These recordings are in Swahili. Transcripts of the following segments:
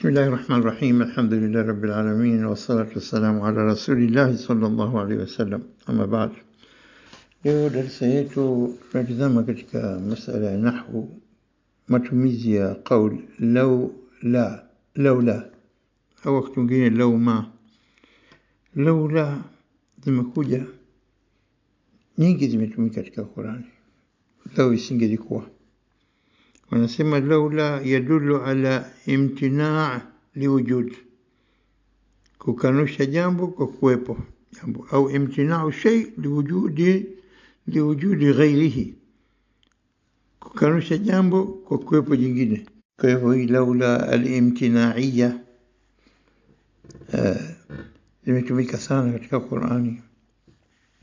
بسم الله الرحمن الرحيم الحمد لله رب العالمين والصلاة والسلام على رسول الله صلى الله عليه wasallam أما بعد Leo darasa yetu tunatizama katika masala ya nahwu, matumizi ya qaul lau la, lau la au wakati mwingine lau ma. Lau la zimekuja nyingi, zimetumika katika Qurani. Lau isingezikuwa wanasema laula yadulu ala imtinaa liwujud, kukanusha jambo kwa kuwepo jambo, au imtinau shay liwujudi liwujudi ghairihi, kukanusha jambo kwa kuwepo jingine. Kwa hivyo hii laula alimtinaiya eh, limetumika sana katika Qurani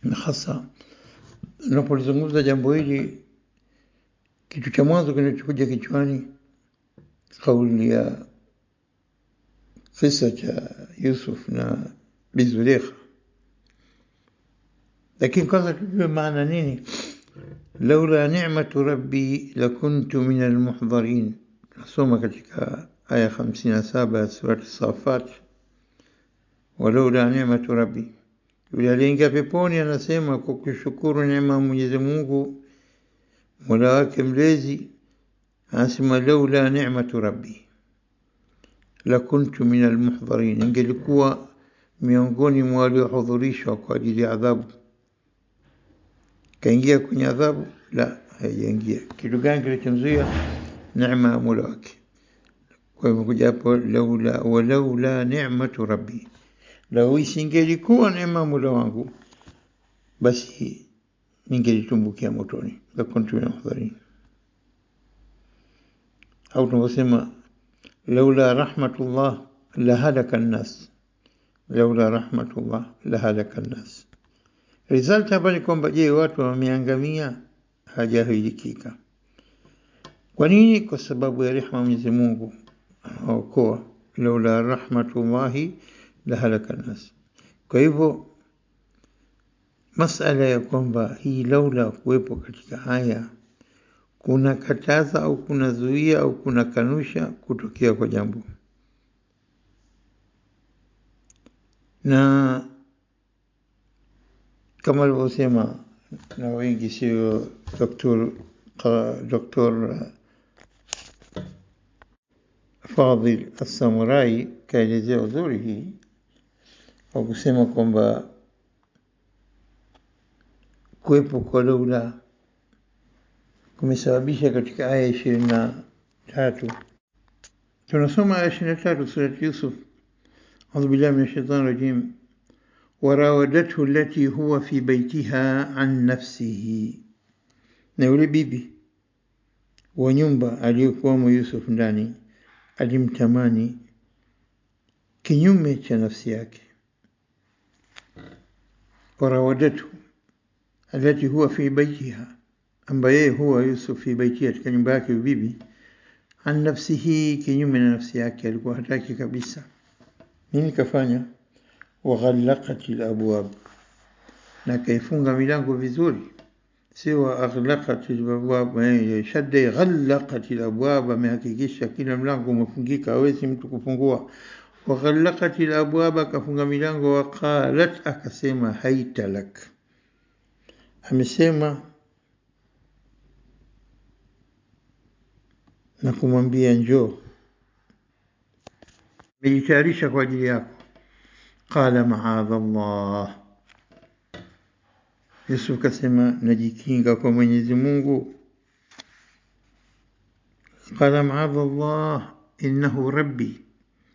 na hasa unapozungumza jambo hili kitu cha mwanzo kinachokuja kichwani kauli ya kisa cha Yusuf na Bizulekha, lakini kwanza tujue maana nini laula nimatu rabbi lakuntu min almuhdharin. nasoma katika aya 57 ya surati Safat, walaula nimatu rabbi, yule aliingia peponi anasema kwa kushukuru neema ya Mwenyezi Mungu Wanawake mlezi anasema laula ni'matu rabbi la kuntu min almuhdharin, ingelikuwa miongoni mwa waliohudhurishwa kwa ajili ya adhabu. Kaingia kwenye adhabu? La, haijaingia. Kitu gani kilichomzuia? Neema ya mola wake. Kwa hivyo kuja hapo, laula walaula ni'matu rabbi, lau isingelikuwa neema mola wangu basi ningejitumbukia motoni, nikakuwa Au tunavyosema laula rahmatullah lahalaka nnas, laula rahmatullah lahalaka nnas. Result hapa ni kwamba, je, watu wameangamia? Hajahilikika. Kwa nini? Kwa sababu ya rehma Mwenyezi Mungu anaokoa, laula rahmatullahi lahalaka nnas. Kwa hivyo Masala ya kwamba hii laula kuwepo katika haya kataza au kunazuia au kuna kanusha kutokea kwa jambo, na kama alivyosema na wengi, sio Doktor Fadhil Assamurai kaelezea uzuri hii kwa kusema kwamba kuwepo kwa dola kumesababisha katika aya ishirini na tatu tunasoma aya ishirini na tatu surati Yusuf audhu billahi min shaitani rajim warawadathu lati huwa fi baitiha an nafsihi, na yule bibi wa nyumba aliyokuwamo Yusuf ndani alimtamani kinyume cha nafsi yake. Warawadathu allati huwa fi baitiha, ambaye huwa Yusuf fi baitiha, katika nyumba yake ubibi, an nafsihi, kinyume na nafsi yake, alikuwa hataki kabisa. Nini kafanya? Waghallaqat labwab, na kaifunga milango vizuri, sio waaghlaqat labwab, shadda ghallaqat labwab, amehakikisha kila mlango umefungika, hawezi mtu kufungua waghallaqat labwab, akafunga milango. Waqalat, akasema haitalak amesema na kumwambia njoo, nimejitayarisha kwa ajili yako. Qala maadha llah, Yusuf kasema najikinga kwa Mwenyezi Mungu. Qala maadha llah innahu rabbi,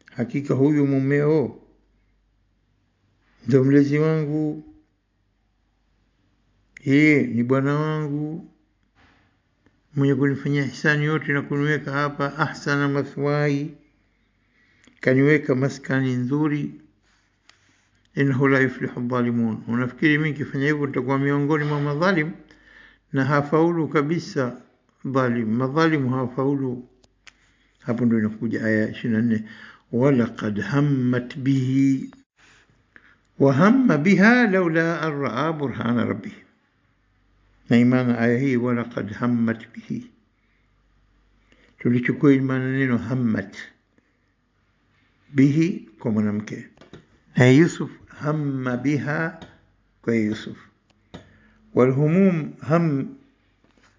hakika huyu mumeo ndo mlezi wangu yeye ni bwana wangu mwenye kunifanyia hisani yote na kuniweka hapa ahsana maswai, kaniweka maskani nzuri. Innahu la yuflihu dhalimun. Unafikiri mi kifanya hivyo nitakuwa miongoni mwa madhalim? Na hafaulu kabisa dhalim, madhalimu hafaulu. Hapo ndio inakuja aya 24, walakad hammat bihi wahamma biha laula an raa burhana rabbih naimana aya hii walakad hammat bihi, tulichukua ili maana neno hammat bihi kwa mwanamke, na ee Yusuf hamma biha kwa ee Yusuf. Walhumum ham,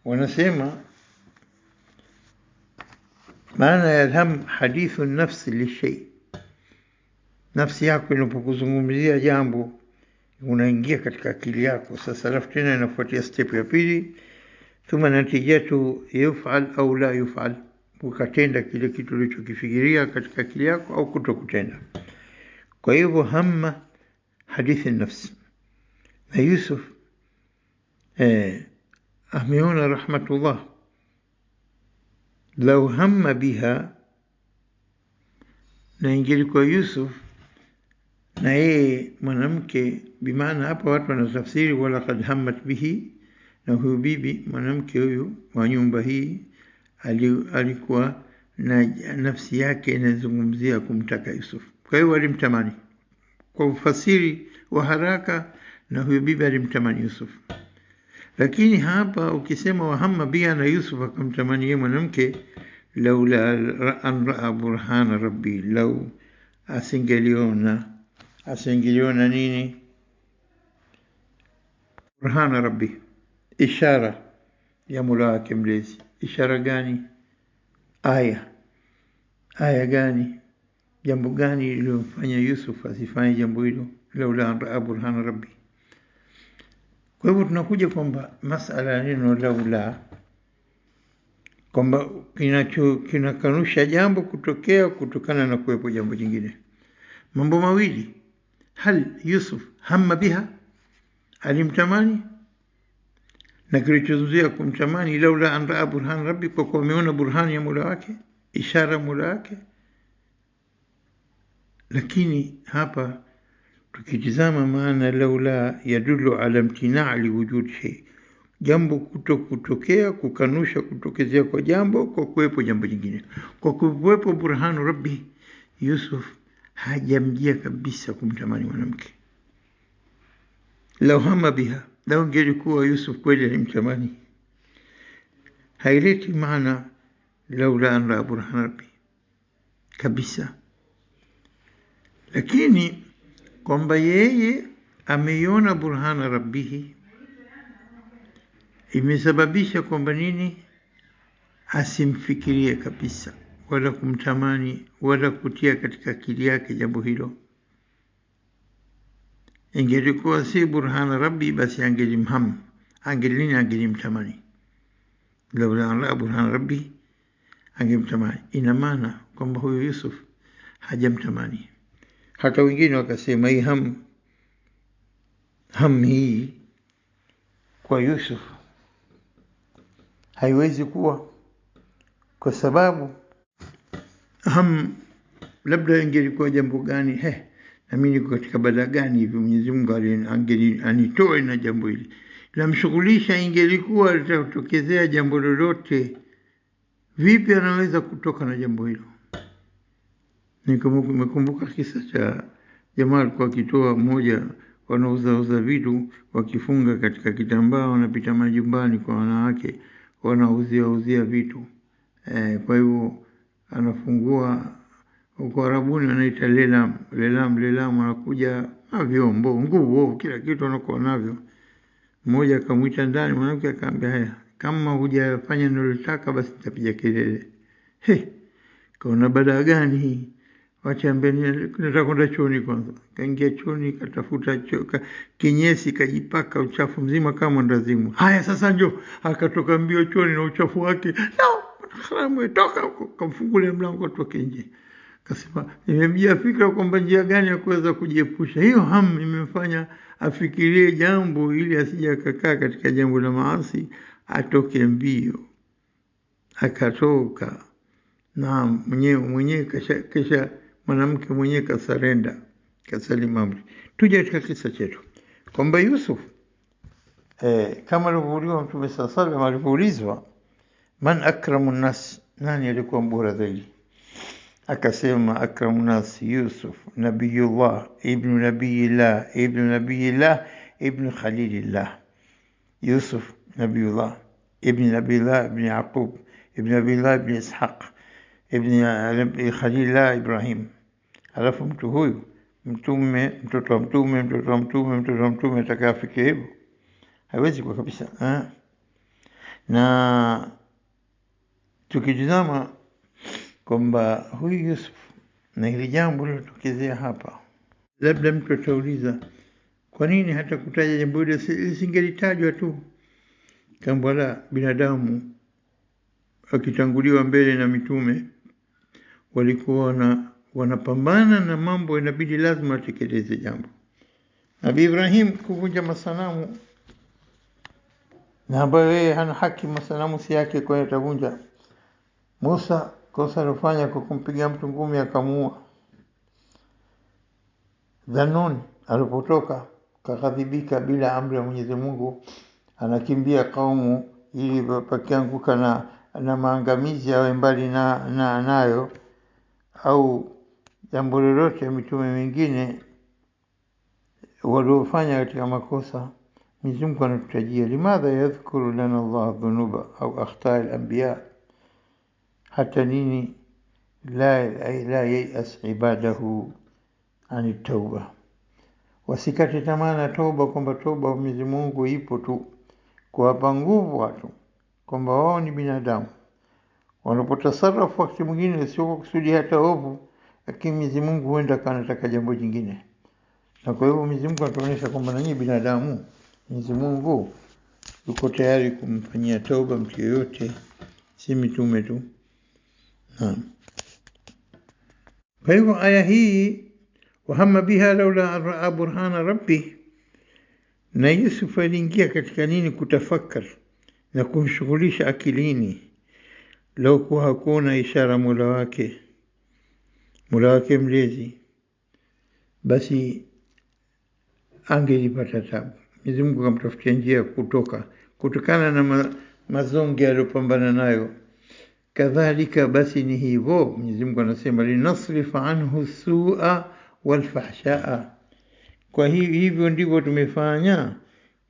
wanasema maana ya ham hadithu nafsi lishay, nafsi yako inapokuzungumzia jambo unaingia katika akili yako sasa. Alafu tena inafuatia step ya pili, thumma natijatu yufal au la yufal, ukatenda kile kitu ulichokifikiria katika akili yako au kuto kutenda Kwa hivyo hamma hadithi nafsi na Yusuf eh, ameona rahmatullah, lau hamma biha, na ingelikuwa Yusuf na yeye mwanamke, bimaana hapa watu wanatafsiri walaqad hammat bihi, na huyu bibi mwanamke huyu wa nyumba hii alikuwa na nafsi yake inazungumzia kumtaka Yusuf. Kwa hiyo walimtamani kwa ufasiri wa haraka, na huyu bibi alimtamani Yusuf. Lakini hapa ukisema wahamma bia, na Yusuf akamtamani yeye mwanamke, laula an raa burhana rabbi, lau asingeliona asiingiliwe na nini? Burhana rabbi, ishara ya mula wake mlezi. Ishara gani? Aya, aya gani? Jambo gani lililomfanya Yusuf asifanye jambo hilo? laula an raa burhana rabbi. Kwa hivyo tunakuja kwamba masala ya neno laula kwamba kinakanusha jambo kutokea kutokana na kuwepo jambo jingine, mambo mawili Hal Yusuf hamma biha, alimtamani na kilichozuzia kumtamani, laula an raa burhan rabbi, kwa kuwa ameona burhani ya mula wake, ishara mula wake. Lakini hapa tukitizama maana laula yadulu ala mtinaa liwujud shei, jambo kuto kutokea, kukanusha kutokezea kwa jambo kwa kuwepo jambo jingine, kwa kuwepo burhanu rabbi Yusuf hajamjia kabisa kumtamani mwanamke lauhama biha lau kuwa yusuf kweli alimtamani haileti maana laula an raa burhan rabi kabisa lakini kwamba yeye ameiona burhana rabbihi imesababisha kwamba nini asimfikirie kabisa wala kumtamani wala kutia katika akili yake jambo hilo. Ingelikuwa si burhana rabbi, basi angelimham angelini, angelimtamani. Laula la burhana rabbi, angemtamani. Ina maana kwamba huyu Yusuf hajamtamani. Hata wengine wakasema hii ham ham hii kwa Yusuf haiwezi kuwa kwa sababu aham, labda ingelikuwa jambo gani he, nami niko katika bada gani hivi, Mwenyezi Mungu anitoe na jambo hili lamshughulisha. Ingelikuwa litatokezea jambo lolote, vipi anaweza kutoka na jambo hilo? Nimekumbuka kisa cha jamaa alikuwa akitoa mmoja, wanauzauza vitu wakifunga katika kitambaa, wanapita majumbani kwa wanawake, wanauziauzia vitu eh, kwa hivyo anafungua huko Arabuni wanaita lelam, lelam, lelam, anakuja na vyombo, nguo, kila kitu anakuwa navyo. Mmoja akamwita ndani, mwanamke akaambia, haya, kama hujafanya nilotaka basi nitapiga kelele. He, kaona baada gani hii? Wacha mbele, nataka kwenda chooni kwanza. Kaingia chooni, katafuta choka, kinyesi, kajipaka uchafu mzima kama ndazimu. Haya, sasa njo, akatoka mbio chooni na uchafu wake no! Akasema umetoka kamfungulia mlango atoke nje. kasema nimemjia fikra kwamba njia gani ya kuweza kujiepusha. Hiyo ham imemfanya afikirie jambo ili asija akakaa katika jambo la maasi, atoke mbio. Akatoka na mwenyewe mwenyewe, kisha mwanamke mwenyewe kasarenda, kasalima amri. tuja katika kisa chetu kwamba Yusuf eh, kama alivyoulizwa Mtume saa salam alivyoulizwa من أكرم الناس ناني لكم بوردي أكسيما أكرم الناس يوسف نبي الله ابن نبي الله ابن نبي الله ابن خليل الله يوسف نبي الله ابن نبي الله ابن يعقوب ابن نبي الله ابن إسحاق ابن خليل الله إبراهيم alafu تهوي huyu mtume mtoto wa mtume mtoto wa mtume mtoto wa mtume atakayefikia hivyo hawezi kuwa kabisa ha? na Tukitizama kwamba huyu Yusuf na hili jambo lilotokezea hapa, labda mtu atauliza kwa nini hata kutaja jambo hilo lisingelitajwa tu? kambala la binadamu akitanguliwa mbele na mitume walikuwa na wanapambana na mambo, inabidi lazima atekeleze jambo. nabi Ibrahim kuvunja masanamu, na ambayo yeye hana haki, masanamu si yake, kwa atavunja Musa kosa alifanya kwa kumpiga mtu ngumi akamuua. Dhanun alipotoka kakadhibika bila amri ya Mwenyezi Mungu, anakimbia kaumu ili pakianguka na, na maangamizi awe mbali na, na nayo au jambo lolote mitume mingine waliofanya katika makosa. Mwenyezi Mungu anatutajia limadha yadhkuru lana Allah dhunuba au akhtaa al-anbiya hata nini la, la yaias ibadahu ani tauba, wasikate tamaa na toba, kwamba toba Mwenyezi Mungu ipo tu, kuwapa nguvu watu kwamba wao ni binadamu wanapotasarafu wakati mwingine sio kwa kusudi hata ovu, lakini Mwenyezi Mungu huenda kanataka jambo jingine, na kwa hivyo Mwenyezi Mungu anatuonyesha kwamba nanyi binadamu, Mwenyezi Mungu yuko tayari kumfanyia toba mtu yeyote, si mitume tu. Naam. Kwa hivyo aya hii wahama biha laula raa burhana rabbi, na Yusuf aliingia katika nini? Kutafakar na kumshughulisha akilini, laukuwa hakuona ishara mola wake mola wake mlezi, basi angelipata tabu. Mwenyezi Mungu akamtafutia njia ya kutoka kutokana na mazonge aliyopambana nayo kadhalika basi ni hivyo Mwenyezi Mungu anasema linasrifa anhu sua walfahshaa. Kwa hiyo hivyo ndivyo tumefanya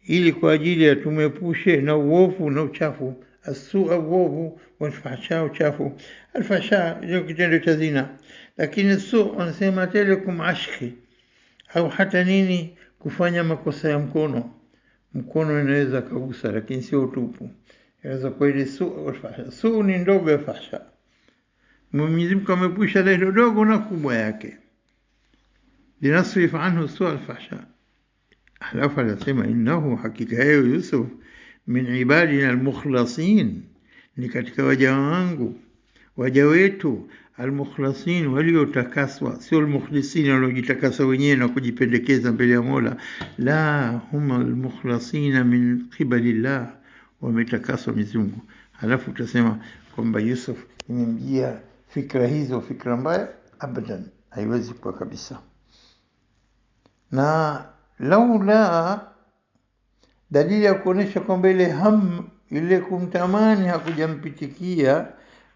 ili kwa ajili ya tumepushe na uovu na uchafu. Asua uovu, walfahsha uchafu. Alfahsha ndio kitendo cha zina, lakini su anasema telekum ashki au hata nini, kufanya makosa ya mkono. Mkono inaweza kagusa, lakini sio utupu. Eleza kweli suu alfasha. Suu ni ndogo ya fahsha. Mwenyezi Mungu amepusha na hilo dogo na kubwa yake. Linasrif anhu suu alfahsha. Halafu anasema innahu, hakika yeye Yusuf min ibadina almukhlasin, ni katika waja wangu waja wetu almukhlasin, waliotakaswa, sio almukhlisin waliojitakasa wenyewe na kujipendekeza mbele ya Mola. La, huma almukhlasina min qibali llah wametakaswa mizungu. Halafu utasema kwamba Yusuf imemjia fikra hizo, fikra mbaya? Abadan, haiwezi kuwa kabisa. Na laula, dalili ya kuonesha kwamba ile ham ile kumtamani hakujampitikia,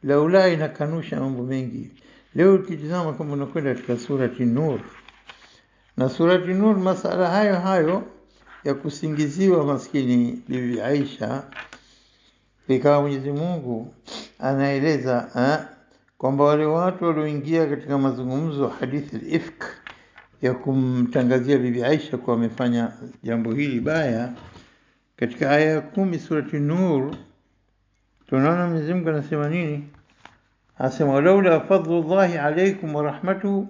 laula inakanusha mambo mengi. Leo ukitizama kwamba unakwenda katika surati Nur na surati Nur, masala hayo hayo ya kusingiziwa maskini bibi Aisha, ikawa Mwenyezi Mungu anaeleza kwamba wale watu walioingia katika mazungumzo hadithi al-ifk ya kumtangazia bibi Aisha kuwa wamefanya jambo hili baya, katika aya ya kumi surati Nur tunaona Mwenyezi Mungu anasema nini? Anasema walaula fadlullahi alaikum wa rahmatuhu,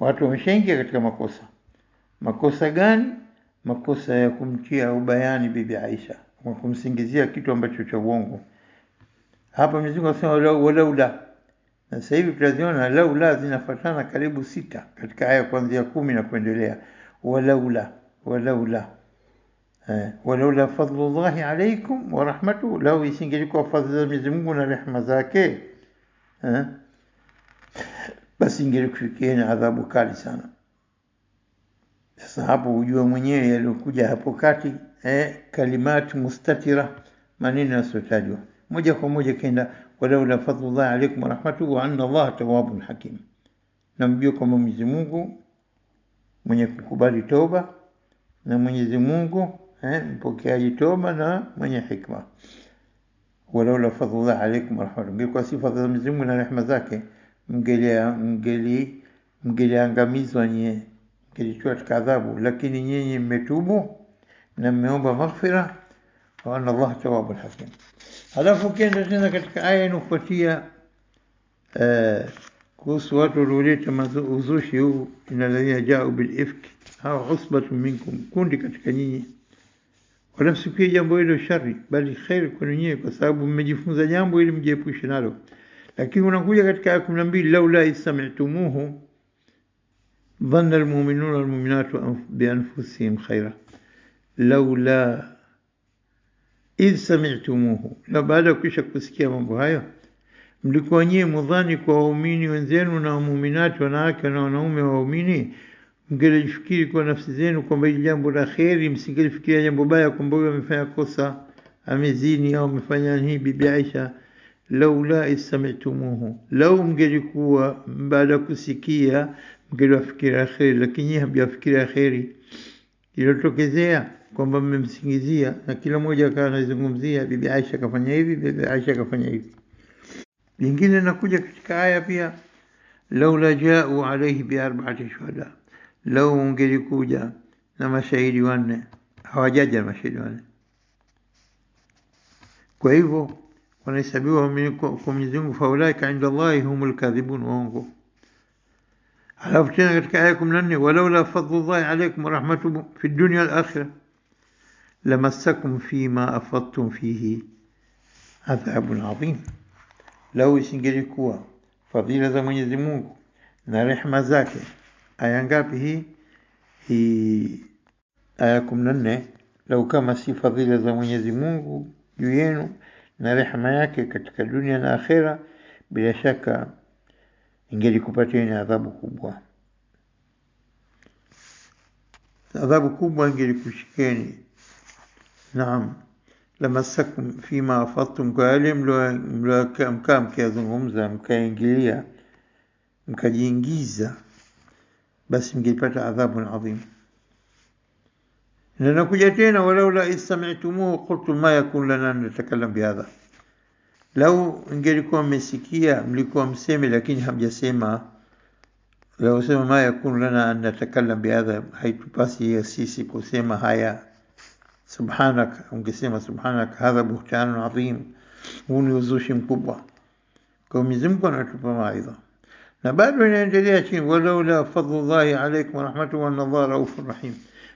watu wameshaingia katika makosa Makosa gani? Makosa ya kumtia ubayani bibi Aisha kwa kumsingizia kitu ambacho cha uongo. Hapa Mwenyezi Mungu anasema walaula, na sasa hivi tunaziona laula zinafuatana karibu sita katika aya kuanzia kumi na kuendelea. Walaula, walaula eh, walaula fadlullahi alaikum wa rahmatu, lau isingelikuwa fadhli za Mwenyezi Mungu na rehema zake eh, basi ingelikufikieni adhabu kali sana. Sasa hapo hujua mwenyewe yaliyokuja hapo kati eh, kalimati mustatira, maneno yasiyotajwa moja kwa moja kaenda walaula fadlullah alaykum wa rahmatuhu wa anna Allah tawwabun hakim. Na mjue kwamba Mwenyezi Mungu mwenye kukubali toba na Mwenyezi Mungu eh, mpokeaji toba na mwenye hikma. Walaula fadlullah alaykum wa rahmatuhu, ingekuwa si fadhila Mwenyezi Mungu na rehema zake mgeli, mngeliangamizwa nyie kilichokuwa katika adhabu, lakini nyinyi mmetubu na mmeomba maghfira, wa anna Allah tawwabul hakim. Halafu kenda tena katika aya inayofuatia eh, kuhusu watu walioleta uzushi huu, innal ladhina jau bil ifki, hawa usbatu minkum, kundi katika nyinyi walamsikia jambo hilo shari, bali kheri kwenu nyinyi, kwa sababu mmejifunza jambo ili mjiepushe nalo. Lakini unakuja katika aya kumi na mbili laula isami'tumuhu ظن المؤمنون والمؤمنات بأنفسهم خيرا لولا idh samitumuhu, na baada ya kwisha kusikia mambo hayo, mlikuwa nyie mudhani kwa waumini wenzenu na wamuminati wanawake na wanaume wa waumini, mngelifikiri kwa nafsi zenu kwamba hili jambo la kheri, msingelifikiria jambo baya, kwamba huyo amefanya kosa, amezini au amefanya hii. Bibi Aisha, laula idh samitumuhu, lau mngelikuwa baada mkilafikira kheri, lakini nyie hamjafikiria kheri. Ilotokezea kwamba mmemsingizia, na kila mmoja akawa anaizungumzia, bibi Aisha akafanya hivi, bibi Aisha akafanya hivi. Lingine linakuja katika aya pia, laula jau alaihi biarbaati shuhada, lau ungelikuja na mashahidi wanne. Hawajaja na mashahidi wanne, kwa hivyo wanahesabiwa kwa Mwenyezi Mungu, faulaika inda Allahi humul kadhibun, waongo على عرفتين قلت عليكم لني ولولا فضل الله عليكم ورحمته في الدنيا الآخرة لمسكم فيما أفضتم فيه عذاب عظيم لو سنجري كوا فضيلة من يزمونك نريح مزاك أيانقاب هي هي أياكم لني لو كما سي فضيلة من يزمونك يوينو نريح مياك كتك الدنيا الآخرة بلا شك ingelikupatia ni adhabu kubwa. Adhabu kubwa ingelikushikeni. Naam, lamassakum fima afadtum, kwa yale mkaa mkiyazungumza, mkaingilia, mkajiingiza, basi mgelipata adhabun adhim. Na nakuja tena, walaula samitumuhu qultum ma yakun lana natakallam bihadha Lau ingelikuwa mmesikia mlikuwa mseme, lakini hamjasema. Wasema ma yakunu lana an natakalam bihadha, haitupasi sisi kusema haya. Subhanaka, ungesema subhanaka, hadha buhtanun adhim, huu ni uzushi mkubwa. Kwa Mwenyezi anatupa mawaidha na bado inaendelea chini, walaula fadlullahi alaikum warahmatuhu, wana Allah rahim.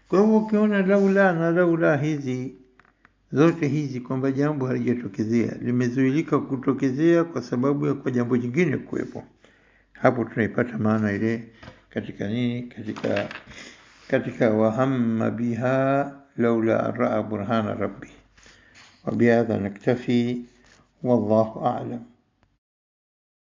Kwa hivyo ukiona laula na laula hizi zote hizi kwamba jambo halijatokezea, limezuilika kutokezea kwa sababu ya kwa jambo jingine kuwepo. Hapo tunaipata maana ile katika nini, katika katika wahamma biha laula raa burhana rabbi. Wabihadha naktafi, wallahu a'lam.